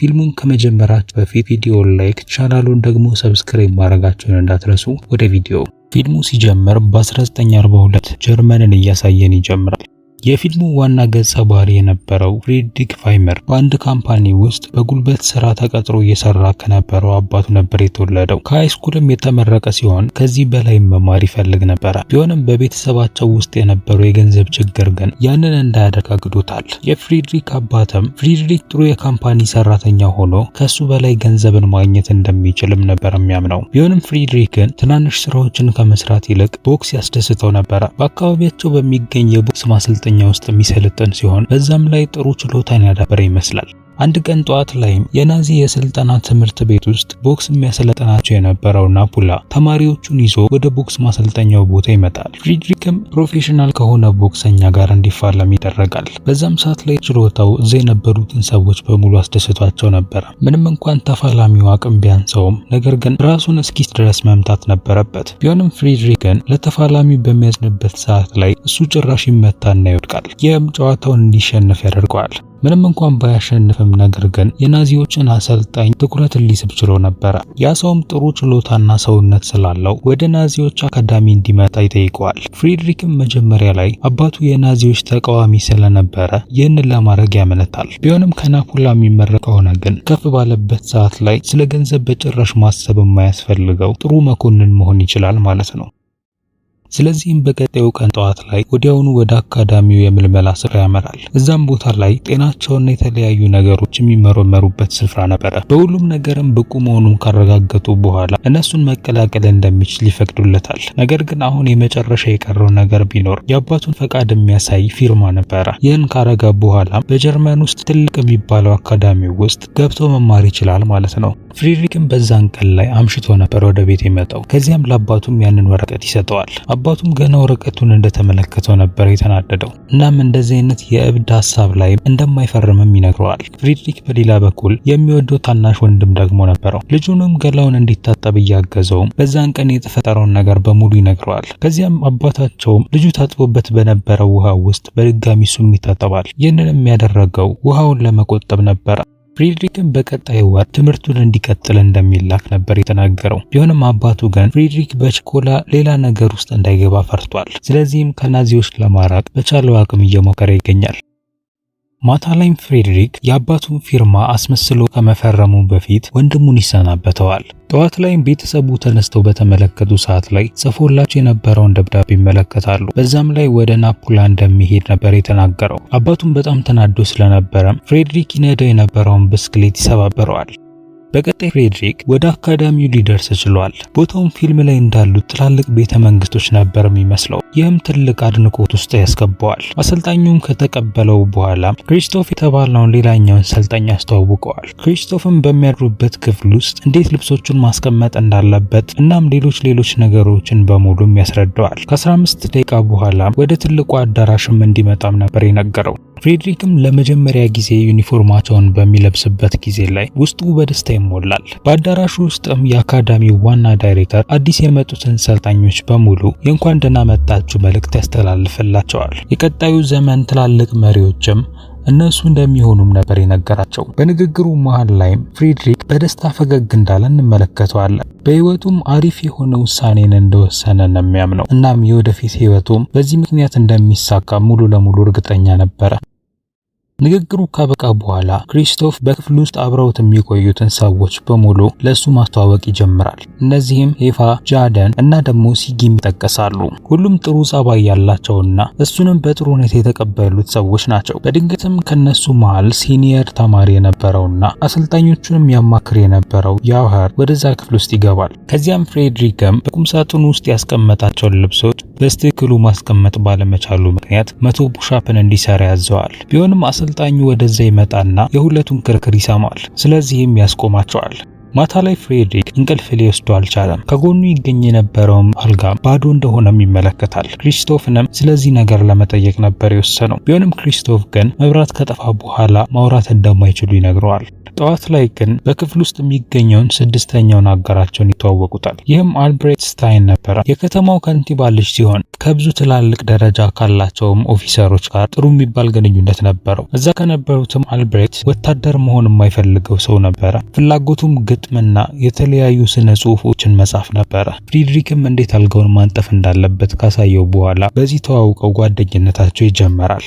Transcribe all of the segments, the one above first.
ፊልሙን ከመጀመራችሁ በፊት ቪዲዮውን ላይክ ቻናሉን ደግሞ ሰብስክራይብ ማድረጋችሁን እንዳትረሱ። ወደ ቪዲዮ ፊልሙ ሲጀምር በ1942 ጀርመንን እያሳየን ይጀምራል። የፊልሙ ዋና ገጸ ባህሪ የነበረው ፍሬድሪክ ፋይመር በአንድ ካምፓኒ ውስጥ በጉልበት ስራ ተቀጥሮ እየሰራ ከነበረው አባቱ ነበር የተወለደው። ከሃይስኩልም የተመረቀ ሲሆን ከዚህ በላይ መማር ይፈልግ ነበረ። ቢሆንም በቤተሰባቸው ውስጥ የነበረው የገንዘብ ችግር ግን ያንን እንዳያደርግ አግዶታል። የፍሬድሪክ አባትም ፍሬድሪክ ጥሩ የካምፓኒ ሰራተኛ ሆኖ ከሱ በላይ ገንዘብን ማግኘት እንደሚችልም ነበር የሚያምነው። ቢሆንም ፍሬድሪክ ግን ትናንሽ ስራዎችን ከመስራት ይልቅ ቦክስ ያስደስተው ነበረ። በአካባቢያቸው በሚገኝ የቦክስ ማሰልጠኛ ሙያተኛ ውስጥ የሚሰለጥን ሲሆን በዛም ላይ ጥሩ ችሎታን ያዳበረ ይመስላል። አንድ ቀን ጠዋት ላይም የናዚ የስልጠና ትምህርት ቤት ውስጥ ቦክስ የሚያሰለጠናቸው የነበረው ናፑላ ተማሪዎቹን ይዞ ወደ ቦክስ ማሰልጠኛው ቦታ ይመጣል። ፍሪድሪክም ፕሮፌሽናል ከሆነ ቦክሰኛ ጋር እንዲፋለም ይደረጋል። በዛም ሰዓት ላይ ችሎታው እዛ የነበሩትን ሰዎች በሙሉ አስደስቷቸው ነበረ። ምንም እንኳን ተፋላሚው አቅም ቢያንሰውም፣ ነገር ግን ራሱን እስኪስ ድረስ መምታት ነበረበት። ቢሆንም ፍሪድሪክን ለተፋላሚው ለተፋላሚ በሚያዝንበት ሰዓት ላይ እሱ ጭራሽ ይመታና ይወድቃል። ይህም ጨዋታውን እንዲሸነፍ ያደርገዋል። ምንም እንኳን ባያሸንፍም ነገር ግን የናዚዎችን አሰልጣኝ ትኩረት ሊስብ ችሎ ነበረ። ያ ሰውም ጥሩ ችሎታና ሰውነት ስላለው ወደ ናዚዎች አካዳሚ እንዲመጣ ይጠይቀዋል። ፍሪድሪክም መጀመሪያ ላይ አባቱ የናዚዎች ተቃዋሚ ስለነበረ ይህንን ለማድረግ ያመነታል። ቢሆንም ከናፖላ የሚመረቅ ከሆነ ግን ከፍ ባለበት ሰዓት ላይ ስለ ገንዘብ በጭራሽ ማሰብ የማያስፈልገው ጥሩ መኮንን መሆን ይችላል ማለት ነው። ስለዚህም በቀጣዩ ቀን ጠዋት ላይ ወዲያውኑ ወደ አካዳሚው የምልመላ ስፍራ ያመራል። እዛም ቦታ ላይ ጤናቸውና የተለያዩ ነገሮች የሚመረመሩበት ስፍራ ነበረ። በሁሉም ነገርም ብቁ መሆኑን ካረጋገጡ በኋላ እነሱን መቀላቀል እንደሚችል ይፈቅዱለታል። ነገር ግን አሁን የመጨረሻ የቀረው ነገር ቢኖር የአባቱን ፈቃድ የሚያሳይ ፊርማ ነበረ። ይህን ካረጋ በኋላ በጀርመን ውስጥ ትልቅ የሚባለው አካዳሚው ውስጥ ገብቶ መማር ይችላል ማለት ነው። ፍሪድሪክም በዛን ቀን ላይ አምሽቶ ነበር ወደ ቤት የመጣው። ከዚያም ለአባቱም ያንን ወረቀት ይሰጠዋል። አባቱም ገና ወረቀቱን እንደተመለከተው ነበር የተናደደው። እናም እንደዚህ አይነት የእብድ ሀሳብ ላይ እንደማይፈርምም ይነግረዋል። ፍሪድሪክ በሌላ በኩል የሚወደው ታናሽ ወንድም ደግሞ ነበረው። ልጁንም ገላውን እንዲታጠብ እያገዘውም በዛን ቀን የተፈጠረውን ነገር በሙሉ ይነግረዋል። ከዚያም አባታቸውም ልጁ ታጥቦበት በነበረው ውሃ ውስጥ በድጋሚ እሱም ይታጠባል። ይህንንም ያደረገው ውሃውን ለመቆጠብ ነበረ። ፍሬድሪክን በቀጣይ ወር ትምህርቱን እንዲቀጥል እንደሚላክ ነበር የተናገረው። ቢሆንም አባቱ ግን ፍሬድሪክ በችኮላ ሌላ ነገር ውስጥ እንዳይገባ ፈርቷል። ስለዚህም ከናዚዎች ለማራቅ በቻለው አቅም እየሞከረ ይገኛል። ማታ ላይም ፍሬድሪክ የአባቱን ፊርማ አስመስሎ ከመፈረሙ በፊት ወንድሙን ይሰናበተዋል። ጠዋት ላይም ቤተሰቡ ተነስተው በተመለከቱ ሰዓት ላይ ጽፎላቸው የነበረውን ደብዳቤ ይመለከታሉ። በዛም ላይ ወደ ናፖላ እንደሚሄድ ነበር የተናገረው። አባቱም በጣም ተናዶ ስለነበረም ፍሬድሪክ ይነዳው የነበረውን ብስክሌት ይሰባበረዋል። በቀጣይ ፍሬድሪክ ወደ አካዳሚው ሊደርስ ችሏል። ቦታውም ፊልም ላይ እንዳሉት ትላልቅ ቤተ መንግስቶች ነበር የሚመስለው። ይህም ትልቅ አድንቆት ውስጥ ያስገባዋል። አሰልጣኙም ከተቀበለው በኋላ ክሪስቶፍ የተባለውን ሌላኛውን ሰልጣኝ አስተዋውቀዋል። ክሪስቶፍም በሚያድሩበት ክፍል ውስጥ እንዴት ልብሶቹን ማስቀመጥ እንዳለበት እናም ሌሎች ሌሎች ነገሮችን በሙሉም ያስረዳዋል። ከ15 ደቂቃ በኋላ ወደ ትልቁ አዳራሽም እንዲመጣም ነበር የነገረው። ፍሬድሪክም ለመጀመሪያ ጊዜ ዩኒፎርማቸውን በሚለብስበት ጊዜ ላይ ውስጡ በደስታ ይሞላል። በአዳራሹ ውስጥም የአካዳሚው ዋና ዳይሬክተር አዲስ የመጡትን ሰልጣኞች በሙሉ የእንኳን ደህና መጣት ለወጣቶቹ መልእክት ያስተላልፍላቸዋል። የቀጣዩ ዘመን ትላልቅ መሪዎችም እነሱ እንደሚሆኑም ነበር የነገራቸው። በንግግሩ መሃል ላይም ፍሬድሪክ በደስታ ፈገግ እንዳለ እንመለከተዋለን። በህይወቱም አሪፍ የሆነ ውሳኔን እንደወሰነ ነው የሚያምነው። እናም የወደፊት ህይወቱም በዚህ ምክንያት እንደሚሳካ ሙሉ ለሙሉ እርግጠኛ ነበረ። ንግግሩ ካበቃ በኋላ ክሪስቶፍ በክፍል ውስጥ አብረውት የሚቆዩትን ሰዎች በሙሉ ለሱ ማስተዋወቅ ይጀምራል። እነዚህም ሄፋ፣ ጃደን እና ደግሞ ሲጊም ይጠቀሳሉ። ሁሉም ጥሩ ጸባይ ያላቸውና እሱንም በጥሩ ሁኔታ የተቀበሉት ሰዎች ናቸው። በድንገትም ከነሱ መሃል ሲኒየር ተማሪ የነበረውና አሰልጣኞቹንም ያማክር የነበረው ያውሃር ወደዛ ክፍል ውስጥ ይገባል። ከዚያም ፍሬድሪክም በቁምሳጥኑ ውስጥ ያስቀመጣቸውን ልብሶች በስትክክሉ ማስቀመጥ ባለመቻሉ ምክንያት መቶ ቡሻፕን እንዲሰራ ያዘዋል። ቢሆንም አሰልጣኙ ወደዛ ይመጣና የሁለቱን ክርክር ይሰማል። ስለዚህም ያስቆማቸዋል። ማታ ላይ ፍሬድሪክ እንቅልፍ ሊወስዶ አልቻለም። ከጎኑ ይገኝ የነበረውም አልጋ ባዶ እንደሆነም ይመለከታል። ክሪስቶፍንም ስለዚህ ነገር ለመጠየቅ ነበር የወሰነው። ቢሆንም ክሪስቶፍ ግን መብራት ከጠፋ በኋላ ማውራት እንደማይችሉ ይነግረዋል። ጠዋት ላይ ግን በክፍል ውስጥ የሚገኘውን ስድስተኛውን አጋራቸውን ይተዋወቁታል። ይህም አልብሬት ስታይን ነበረ። የከተማው ከንቲባ ልጅ ሲሆን ከብዙ ትላልቅ ደረጃ ካላቸውም ኦፊሰሮች ጋር ጥሩ የሚባል ግንኙነት ነበረው። እዛ ከነበሩትም አልብሬት ወታደር መሆን የማይፈልገው ሰው ነበረ። ፍላጎቱም ግጥ ግጥምና የተለያዩ ስነ ጽሁፎችን መጻፍ ነበረ። ፍሪድሪክም እንዴት አልጋውን ማንጠፍ እንዳለበት ካሳየው በኋላ በዚህ ተዋውቀው ጓደኝነታቸው ይጀመራል።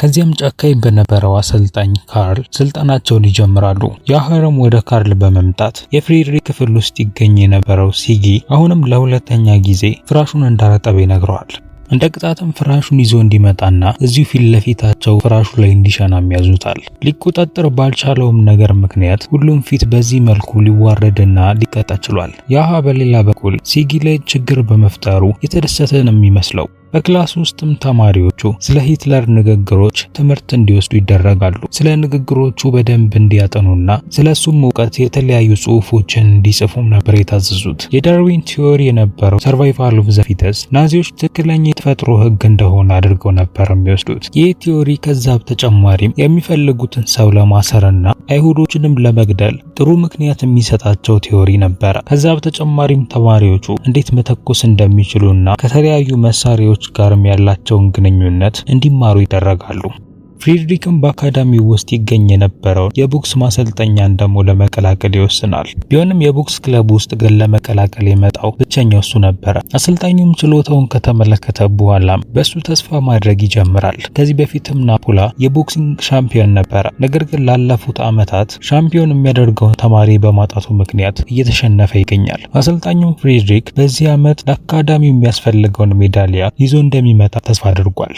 ከዚያም ጨካኝ በነበረው አሰልጣኝ ካርል ስልጠናቸውን ይጀምራሉ። የአህረም ወደ ካርል በመምጣት የፍሬድሪክ ክፍል ውስጥ ይገኝ የነበረው ሲጊ አሁንም ለሁለተኛ ጊዜ ፍራሹን እንዳረጠበ ይነግረዋል። እንደ ቅጣትም ፍራሹን ይዞ እንዲመጣና እዚሁ ፊት ለፊታቸው ፍራሹ ላይ እንዲሸናም ያዙታል። ሊቆጣጠር ባልቻለውም ነገር ምክንያት ሁሉም ፊት በዚህ መልኩ ሊዋረድና ሊቀጣ ችሏል። ያሃ በሌላ በኩል ሲጊ ላይ ችግር በመፍጠሩ የተደሰተ ነው የሚመስለው። በክላስ ውስጥም ተማሪዎቹ ስለ ሂትለር ንግግሮች ትምህርት እንዲወስዱ ይደረጋሉ። ስለ ንግግሮቹ በደንብ እንዲያጠኑና ስለ እሱም እውቀት የተለያዩ ጽሑፎችን እንዲጽፉም ነበር የታዘዙት። የዳርዊን ቲዮሪ የነበረው ሰርቫይቫል ኦፍ ዘ ፊተስ ናዚዎች ትክክለኛ የተፈጥሮ ሕግ እንደሆነ አድርገው ነበር የሚወስዱት። ይህ ቲዮሪ ከዛ በተጨማሪም የሚፈልጉትን ሰው ለማሰርና አይሁዶችንም ለመግደል ጥሩ ምክንያት የሚሰጣቸው ቲዮሪ ነበረ። ከዛ በተጨማሪም ተማሪዎቹ እንዴት መተኮስ እንደሚችሉና ከተለያዩ መሳሪያዎች ከሰዎች ጋርም ያላቸውን ግንኙነት እንዲማሩ ይደረጋሉ። ፍሪድሪክም በአካዳሚው ውስጥ ይገኝ የነበረውን የቦክስ ማሰልጠኛን ደግሞ ለመቀላቀል ይወስናል። ቢሆንም የቦክስ ክለብ ውስጥ ግን ለመቀላቀል የመጣው ብቸኛው እሱ ነበረ። አሰልጣኙም ችሎታውን ከተመለከተ በኋላም በእሱ ተስፋ ማድረግ ይጀምራል። ከዚህ በፊትም ናፖላ የቦክሲንግ ሻምፒዮን ነበረ። ነገር ግን ላለፉት ዓመታት ሻምፒዮን የሚያደርገውን ተማሪ በማጣቱ ምክንያት እየተሸነፈ ይገኛል። አሰልጣኙም ፍሬድሪክ በዚህ ዓመት ለአካዳሚው የሚያስፈልገውን ሜዳሊያ ይዞ እንደሚመጣ ተስፋ አድርጓል።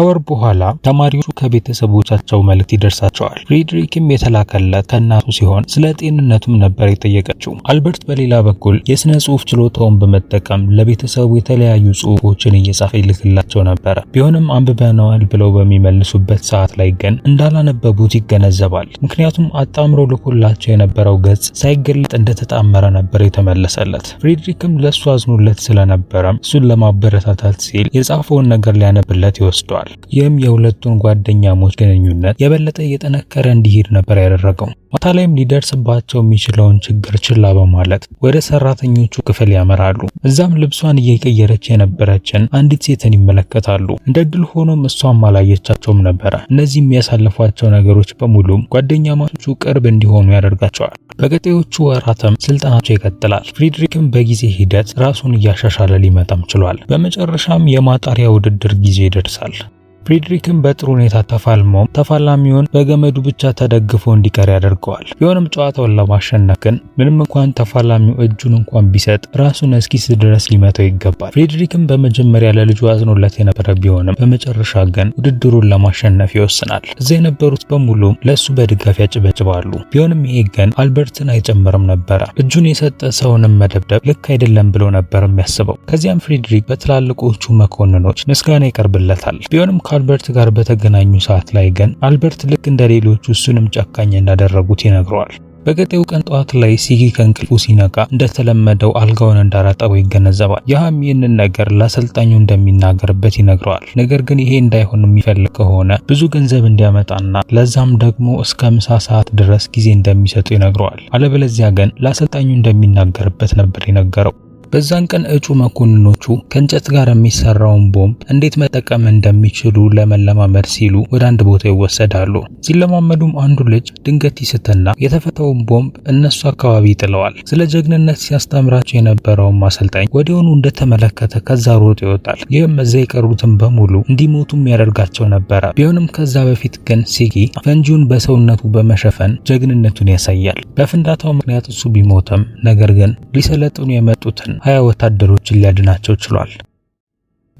ከወር በኋላ ተማሪዎቹ ከቤተሰቦቻቸው መልእክት ይደርሳቸዋል። ፍሬድሪክም የተላከላት ከእናቱ ሲሆን ስለ ጤንነቱም ነበር የጠየቀችው። አልበርት በሌላ በኩል የስነ ጽሁፍ ችሎታውን በመጠቀም ለቤተሰቡ የተለያዩ ጽሁፎችን እየጻፈ ይልክላቸው ነበረ። ቢሆንም አንብበነዋል ብለው በሚመልሱበት ሰዓት ላይ ግን እንዳላነበቡት ይገነዘባል። ምክንያቱም አጣምሮ ልኮላቸው የነበረው ገጽ ሳይገለጥ እንደተጣመረ ነበር የተመለሰለት። ፍሬድሪክም ለእሱ አዝኖለት ስለነበረም እሱን ለማበረታታት ሲል የጻፈውን ነገር ሊያነብለት ይወስደዋል። ጀምሯል። ይህም የሁለቱን ጓደኛሞች ግንኙነት የበለጠ እየጠነከረ እንዲሄድ ነበር ያደረገው። ማታ ላይም ሊደርስባቸው የሚችለውን ችግር ችላ በማለት ወደ ሰራተኞቹ ክፍል ያመራሉ። እዛም ልብሷን እየቀየረች የነበረችን አንዲት ሴትን ይመለከታሉ። እንደ ድል ሆኖም እሷም አላየቻቸውም ነበረ። እነዚህ የሚያሳልፏቸው ነገሮች በሙሉም ጓደኛማቾቹ ቅርብ እንዲሆኑ ያደርጋቸዋል። በቀጤዎቹ ወራትም ስልጠናቸው ይቀጥላል። ፍሪድሪክም በጊዜ ሂደት ራሱን እያሻሻለ ሊመጣም ችሏል። በመጨረሻም የማጣሪያ ውድድር ጊዜ ይደርሳል። ፍሪድሪክን በጥሩ ሁኔታ ተፋልሞም ተፋላሚውን በገመዱ ብቻ ተደግፎ እንዲቀር ያደርገዋል። ቢሆንም ጨዋታውን ለማሸነፍ ግን ምንም እንኳን ተፋላሚው እጁን እንኳን ቢሰጥ ራሱን እስኪስ ድረስ ሊመታው ይገባል። ፍሪድሪክን በመጀመሪያ ለልጁ አዝኖለት የነበረ ቢሆንም በመጨረሻ ግን ውድድሩን ለማሸነፍ ይወስናል። እዚያ የነበሩት በሙሉ ለእሱ በድጋፍ ያጭበጭባሉ። ቢሆንም ይሄ ግን አልበርትን አይጨምርም ነበረ። እጁን የሰጠ ሰውንም መደብደብ ልክ አይደለም ብሎ ነበር የሚያስበው። ከዚያም ፍሬድሪክ በትላልቆቹ መኮንኖች ምስጋና ይቀርብለታል። ቢሆንም ከአልበርት ጋር በተገናኙ ሰዓት ላይ ግን አልበርት ልክ እንደ ሌሎች እሱንም ጨካኝ እንዳደረጉት ይነግረዋል። በገጠው ቀን ጠዋት ላይ ሲጊ ከእንቅልፉ ሲነቃ እንደተለመደው አልጋውን እንዳራጠበው ይገነዘባል። ያህም ይህንን ነገር ለአሰልጣኙ እንደሚናገርበት ይነግረዋል። ነገር ግን ይሄ እንዳይሆን የሚፈልግ ከሆነ ብዙ ገንዘብ እንዲያመጣና ለዛም ደግሞ እስከ ምሳ ሰዓት ድረስ ጊዜ እንደሚሰጡ ይነግረዋል። አለበለዚያ ግን ለአሰልጣኙ እንደሚናገርበት ነበር የነገረው። በዛን ቀን እጩ መኮንኖቹ ከእንጨት ጋር የሚሰራውን ቦምብ እንዴት መጠቀም እንደሚችሉ ለመለማመድ ሲሉ ወደ አንድ ቦታ ይወሰዳሉ። ሲለማመዱም አንዱ ልጅ ድንገት ይስትና የተፈታውን ቦምብ እነሱ አካባቢ ይጥለዋል። ስለ ጀግንነት ሲያስተምራቸው የነበረውን ማሰልጣኝ ወዲያውኑ እንደተመለከተ ከዛ ሮጦ ይወጣል። ይህም እዛ የቀሩትን በሙሉ እንዲሞቱም ያደርጋቸው ነበረ። ቢሆንም ከዛ በፊት ግን ሲጊ ፈንጂውን በሰውነቱ በመሸፈን ጀግንነቱን ያሳያል። በፍንዳታው ምክንያት እሱ ቢሞትም ነገር ግን ሊሰለጥኑ የመጡትን ሀያ ወታደሮችን ሊያድናቸው ችሏል።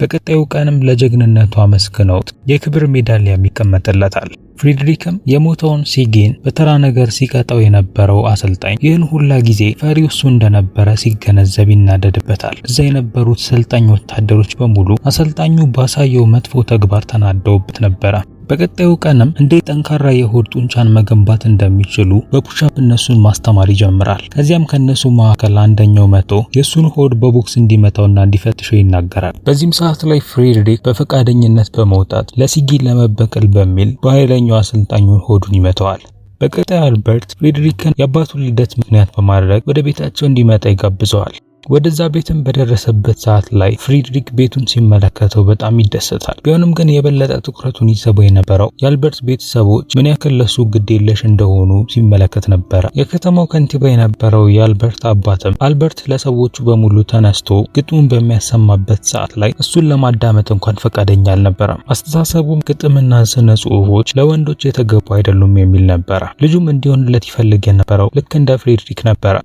በቀጣዩ ቀንም ለጀግንነቱ አመስግነውት የክብር ሜዳሊያም ይቀመጥለታል። ፍሪድሪክም የሞተውን ሲጌን በተራ ነገር ሲቀጣው የነበረው አሰልጣኝ ይህን ሁላ ጊዜ ፈሪ እሱ እንደነበረ ሲገነዘብ ይናደድበታል። እዛ የነበሩት ሰልጣኝ ወታደሮች በሙሉ አሰልጣኙ ባሳየው መጥፎ ተግባር ተናደውበት ነበረ። በቀጣዩ ቀንም እንዴት ጠንካራ የሆድ ጡንቻን መገንባት እንደሚችሉ በፑሻፕ እነሱን ማስተማር ይጀምራል። ከዚያም ከነሱ መካከል አንደኛው መቶ የእሱን ሆድ በቦክስ እንዲመታውና እንዲፈትሸው ይናገራል። በዚህም ሰዓት ላይ ፍሬድሪክ በፈቃደኝነት በመውጣት ለሲጊ ለመበቀል በሚል በኃይለኛው አሰልጣኙን ሆዱን ይመተዋል። በቀጣይ አልበርት ፍሬድሪክን የአባቱን ልደት ምክንያት በማድረግ ወደ ቤታቸው እንዲመጣ ይጋብዘዋል። ወደዛ ቤትም በደረሰበት ሰዓት ላይ ፍሪድሪክ ቤቱን ሲመለከተው በጣም ይደሰታል። ቢሆንም ግን የበለጠ ትኩረቱን ይስበው የነበረው የአልበርት ቤተሰቦች ምን ያክል ለሱ ግድ የለሽ እንደሆኑ ሲመለከት ነበረ። የከተማው ከንቲባ የነበረው የአልበርት አባትም አልበርት ለሰዎቹ በሙሉ ተነስቶ ግጥሙን በሚያሰማበት ሰዓት ላይ እሱን ለማዳመጥ እንኳን ፈቃደኛ አልነበረም። አስተሳሰቡም ግጥምና ስነ ጽሁፎች ለወንዶች የተገቡ አይደሉም የሚል ነበረ። ልጁም እንዲሆንለት ይፈልግ የነበረው ልክ እንደ ፍሬድሪክ ነበረ።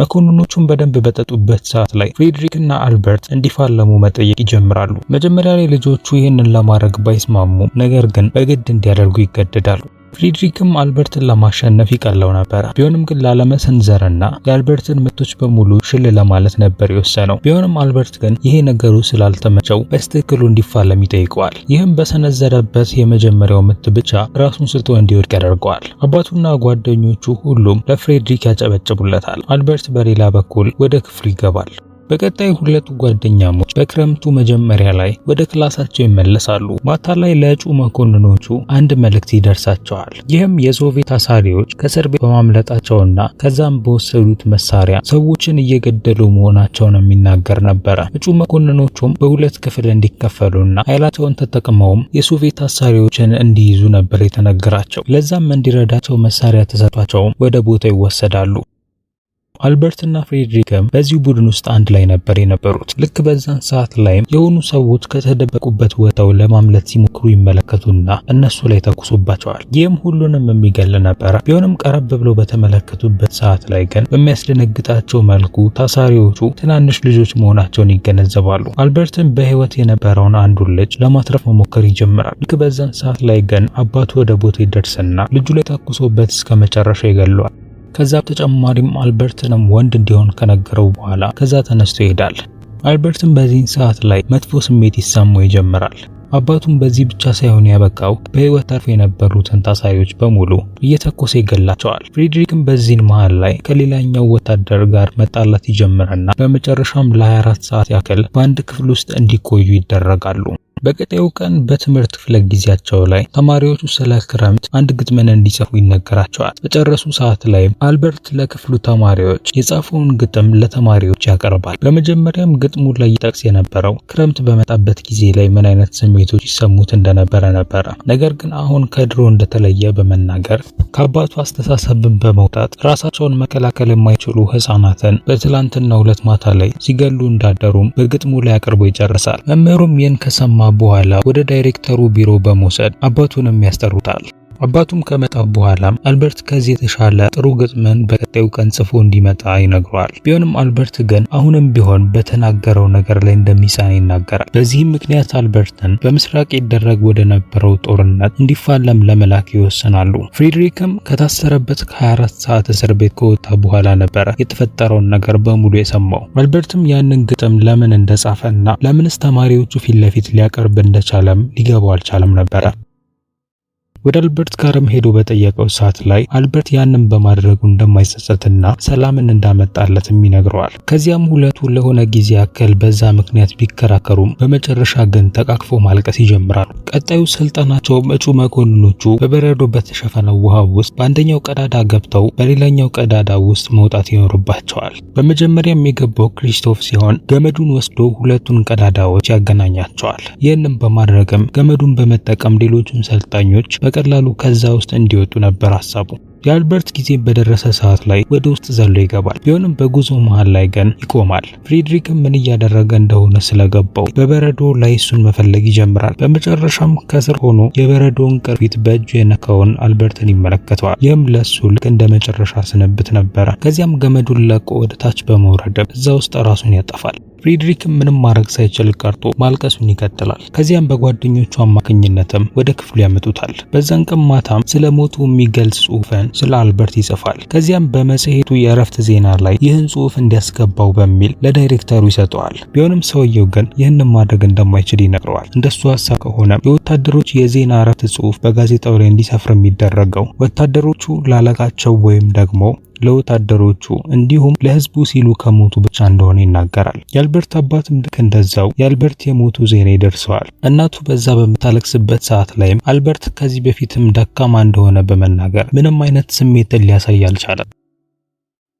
መኮንኖቹም በደንብ በጠጡበት ሰዓት ላይ ፍሬድሪክ እና አልበርት እንዲፋለሙ መጠየቅ ይጀምራሉ። መጀመሪያ ላይ ልጆቹ ይህንን ለማድረግ ባይስማሙም ነገር ግን በግድ እንዲያደርጉ ይገደዳሉ። ፍሪድሪክም አልበርትን ለማሸነፍ ይቀለው ነበር። ቢሆንም ግን ላለመሰንዘርና የአልበርትን ምቶች በሙሉ ሽል ለማለት ነበር የወሰነው። ቢሆንም አልበርት ግን ይሄ ነገሩ ስላልተመቸው በስትክክሉ እንዲፋለም ይጠይቀዋል። ይህም በሰነዘረበት የመጀመሪያው ምት ብቻ ራሱን ስቶ እንዲወድቅ ያደርገዋል። አባቱና ጓደኞቹ ሁሉም ለፍሬድሪክ ያጨበጭቡለታል። አልበርት በሌላ በኩል ወደ ክፍሉ ይገባል። በቀጣይ ሁለቱ ጓደኛሞች በክረምቱ መጀመሪያ ላይ ወደ ክላሳቸው ይመለሳሉ። ማታ ላይ ለእጩ መኮንኖቹ አንድ መልእክት ይደርሳቸዋል። ይህም የሶቪየት አሳሪዎች ከእስር ቤት በማምለጣቸውና ከዛም በወሰዱት መሳሪያ ሰዎችን እየገደሉ መሆናቸውን የሚናገር ነበረ። እጩ መኮንኖቹም በሁለት ክፍል እንዲከፈሉና ኃይላቸውን ተጠቅመውም የሶቪየት አሳሪዎችን እንዲይዙ ነበር የተነገራቸው። ለዛም እንዲረዳቸው መሳሪያ ተሰጥቷቸውም ወደ ቦታ ይወሰዳሉ። አልበርትና ፍሬድሪክም በዚሁ ቡድን ውስጥ አንድ ላይ ነበር የነበሩት። ልክ በዛን ሰዓት ላይም የሆኑ ሰዎች ከተደበቁበት ወጥተው ለማምለጥ ሲሞክሩ ይመለከቱና እነሱ ላይ ተኩሱባቸዋል። ይህም ሁሉንም የሚገል ነበር ቢሆንም ቀረብ ብለው በተመለከቱበት ሰዓት ላይ ግን በሚያስደነግጣቸው መልኩ ታሳሪዎቹ ትናንሽ ልጆች መሆናቸውን ይገነዘባሉ። አልበርትም በህይወት የነበረውን አንዱን ልጅ ለማትረፍ መሞከር ይጀምራል። ልክ በዛን ሰዓት ላይ ግን አባቱ ወደ ቦታ ይደርስና ልጁ ላይ ተኩሶበት እስከ መጨረሻ ይገለዋል። ከዛ በተጨማሪም አልበርትንም ወንድ እንዲሆን ከነገረው በኋላ ከዛ ተነስቶ ይሄዳል። አልበርትም በዚህን ሰዓት ላይ መጥፎ ስሜት ይሰማው ይጀምራል። አባቱም በዚህ ብቻ ሳይሆን ያበቃው በህይወት ተርፍ የነበሩትን ታሳሪዎች በሙሉ እየተኮሰ ይገላቸዋል። ፍሬድሪክም በዚህን መሃል ላይ ከሌላኛው ወታደር ጋር መጣላት ይጀምርና በመጨረሻም ለ24 ሰዓት ያክል በአንድ ክፍል ውስጥ እንዲቆዩ ይደረጋሉ። በቀጣዩ ቀን በትምህርት ክፍለ ጊዜያቸው ላይ ተማሪዎቹ ስለ ክረምት አንድ ግጥምን እንዲጽፉ ይነገራቸዋል። በጨረሱ ሰዓት ላይም አልበርት ለክፍሉ ተማሪዎች የጻፈውን ግጥም ለተማሪዎች ያቀርባል። በመጀመሪያም ግጥሙ ላይ ይጠቅስ የነበረው ክረምት በመጣበት ጊዜ ላይ ምን አይነት ስሜቶች ይሰሙት እንደነበረ ነበረ። ነገር ግን አሁን ከድሮ እንደተለየ በመናገር ከአባቱ አስተሳሰብን በመውጣት ራሳቸውን መከላከል የማይችሉ ህፃናትን በትላንትና ሁለት ማታ ላይ ሲገሉ እንዳደሩም በግጥሙ ላይ አቅርቦ ይጨርሳል። መምህሩም ይህን ከሰማ በኋላ ወደ ዳይሬክተሩ ቢሮ በመውሰድ አባቱንም ያስጠሩታል። አባቱም ከመጣ በኋላም አልበርት ከዚህ የተሻለ ጥሩ ግጥምን በቀጣዩ ቀን ጽፎ እንዲመጣ ይነግረዋል። ቢሆንም አልበርት ግን አሁንም ቢሆን በተናገረው ነገር ላይ እንደሚጸና ይናገራል። በዚህም ምክንያት አልበርትን በምስራቅ ይደረግ ወደ ነበረው ጦርነት እንዲፋለም ለመላክ ይወስናሉ። ፍሬድሪክም ከታሰረበት ከ24 ሰዓት እስር ቤት ከወጣ በኋላ ነበረ የተፈጠረውን ነገር በሙሉ የሰማው። አልበርትም ያንን ግጥም ለምን እንደጻፈና ለምንስ ተማሪዎቹ ፊት ለፊት ሊያቀርብ እንደቻለም ሊገባው አልቻለም ነበረ። ወደ አልበርት ጋርም ሄዶ በጠየቀው ሰዓት ላይ አልበርት ያንን በማድረጉ እንደማይጸጸትና ሰላምን እንዳመጣለትም ይነግረዋል። ከዚያም ሁለቱ ለሆነ ጊዜ ያክል በዛ ምክንያት ቢከራከሩም በመጨረሻ ግን ተቃቅፎ ማልቀስ ይጀምራሉ። ቀጣዩ ስልጠናቸው እጩ መኮንኖቹ በበረዶ በተሸፈነው ውሃ ውስጥ በአንደኛው ቀዳዳ ገብተው በሌላኛው ቀዳዳ ውስጥ መውጣት ይኖርባቸዋል። በመጀመሪያ የሚገባው ክሪስቶፍ ሲሆን ገመዱን ወስዶ ሁለቱን ቀዳዳዎች ያገናኛቸዋል። ይህንም በማድረግም ገመዱን በመጠቀም ሌሎቹን ሰልጣኞች በቀላሉ ከዛ ውስጥ እንዲወጡ ነበር ሐሳቡ። የአልበርት ጊዜ በደረሰ ሰዓት ላይ ወደ ውስጥ ዘሎ ይገባል። ቢሆንም በጉዞ መሃል ላይ ግን ይቆማል። ፍሪድሪክም ምን እያደረገ እንደሆነ ስለገባው በበረዶ ላይ እሱን መፈለግ ይጀምራል። በመጨረሻም ከስር ሆኖ የበረዶውን ቅርፊት በእጁ የነካውን አልበርትን ይመለከተዋል። ይህም ለሱ ልክ እንደ መጨረሻ ስንብት ነበረ። ከዚያም ገመዱን ለቆ ወደ ታች በመውረድም እዛ ውስጥ ራሱን ያጠፋል። ፍሪድሪክ ምንም ማድረግ ሳይችል ቀርቶ ማልቀሱን ይቀጥላል። ከዚያም በጓደኞቹ አማካኝነትም ወደ ክፍሉ ያመጡታል። በዛን ቀን ማታም ስለ ሞቱ የሚገልጽ ጽሁፍን ስለ አልበርት ይጽፋል። ከዚያም በመጽሔቱ የእረፍት ዜና ላይ ይህን ጽሁፍ እንዲያስገባው በሚል ለዳይሬክተሩ ይሰጠዋል። ቢሆንም ሰውየው ግን ይህንን ማድረግ እንደማይችል ይነግረዋል። እንደሱ ሀሳብ ከሆነ የወታደሮች የዜና እረፍት ጽሁፍ በጋዜጣው ላይ እንዲሰፍር የሚደረገው ወታደሮቹ ላለቃቸው ወይም ደግሞ ለወታደሮቹ እንዲሁም ለህዝቡ ሲሉ ከሞቱ ብቻ እንደሆነ ይናገራል። የአልበርት አባትም ልክ እንደዛው የአልበርት የሞቱ ዜና ይደርሰዋል። እናቱ በዛ በምታለቅስበት ሰዓት ላይም አልበርት ከዚህ በፊትም ደካማ እንደሆነ በመናገር ምንም አይነት ስሜትን ሊያሳይ አልቻለም።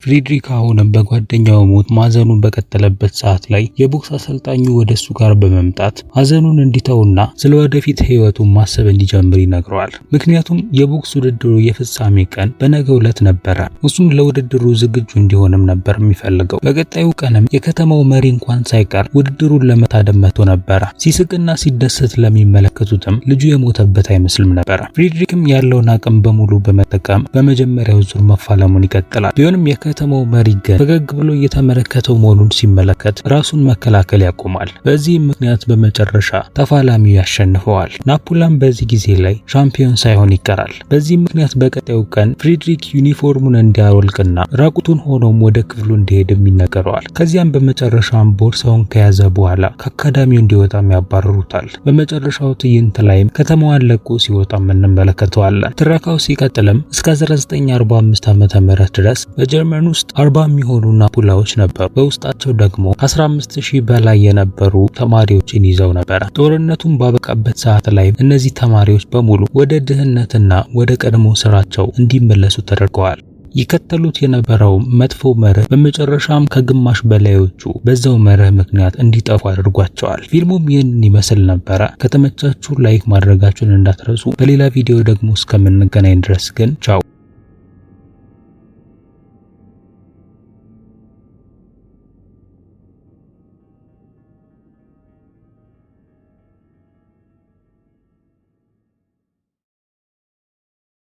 ፍሪድሪክ አሁንም በጓደኛው ሞት ማዘኑን በቀጠለበት ሰዓት ላይ የቦክስ አሰልጣኙ ወደ እሱ ጋር በመምጣት ሐዘኑን እንዲተውና ስለ ወደፊት ሕይወቱን ማሰብ እንዲጀምር ይነግረዋል። ምክንያቱም የቦክስ ውድድሩ የፍጻሜ ቀን በነገው ዕለት ነበረ። እሱም ለውድድሩ ዝግጁ እንዲሆንም ነበር የሚፈልገው። በቀጣዩ ቀንም የከተማው መሪ እንኳን ሳይቀር ውድድሩን ለመታደም መጥቶ ነበረ። ሲስቅና ሲደሰት ለሚመለከቱትም ልጁ የሞተበት አይመስልም ነበረ። ፍሪድሪክም ያለውን አቅም በሙሉ በመጠቀም በመጀመሪያው ዙር መፋለሙን ይቀጥላል። ቢሆንም የከተማው መሪ ገን ፈገግ ብሎ እየተመለከተው መሆኑን ሲመለከት ራሱን መከላከል ያቆማል። በዚህም ምክንያት በመጨረሻ ተፋላሚው ያሸንፈዋል። ናፖሊዮን በዚህ ጊዜ ላይ ሻምፒዮን ሳይሆን ይቀራል። በዚህ ምክንያት በቀጣዩ ቀን ፍሪድሪክ ዩኒፎርሙን እንዲያወልቅና ራቁቱን ሆኖም ወደ ክፍሉ እንዲሄድም ይነገረዋል። ከዚያም በመጨረሻም ቦርሳውን ከያዘ በኋላ ከአካዳሚው እንዲወጣም ያባረሩታል። በመጨረሻው ትዕይንት ላይም ከተማዋን ለቆ ሲወጣም እንመለከተዋለን። ትረካው ሲቀጥልም እስከ 1945 ዓ ም ድረስ በጀርመን በጀርመን ውስጥ 40 የሚሆኑ ናፑላዎች ነበሩ። በውስጣቸው ደግሞ ከ15 ሺህ በላይ የነበሩ ተማሪዎችን ይዘው ነበረ። ጦርነቱን ባበቃበት ሰዓት ላይ እነዚህ ተማሪዎች በሙሉ ወደ ድህነትና ወደ ቀድሞ ስራቸው እንዲመለሱ ተደርገዋል። ይከተሉት የነበረው መጥፎ መርህ በመጨረሻም ከግማሽ በላዮቹ በዛው መርህ ምክንያት እንዲጠፉ አድርጓቸዋል። ፊልሙም ይህንን ይመስል ነበረ። ከተመቻችሁ ላይክ ማድረጋችሁን እንዳትረሱ። በሌላ ቪዲዮ ደግሞ እስከምንገናኝ ድረስ ግን ቻው።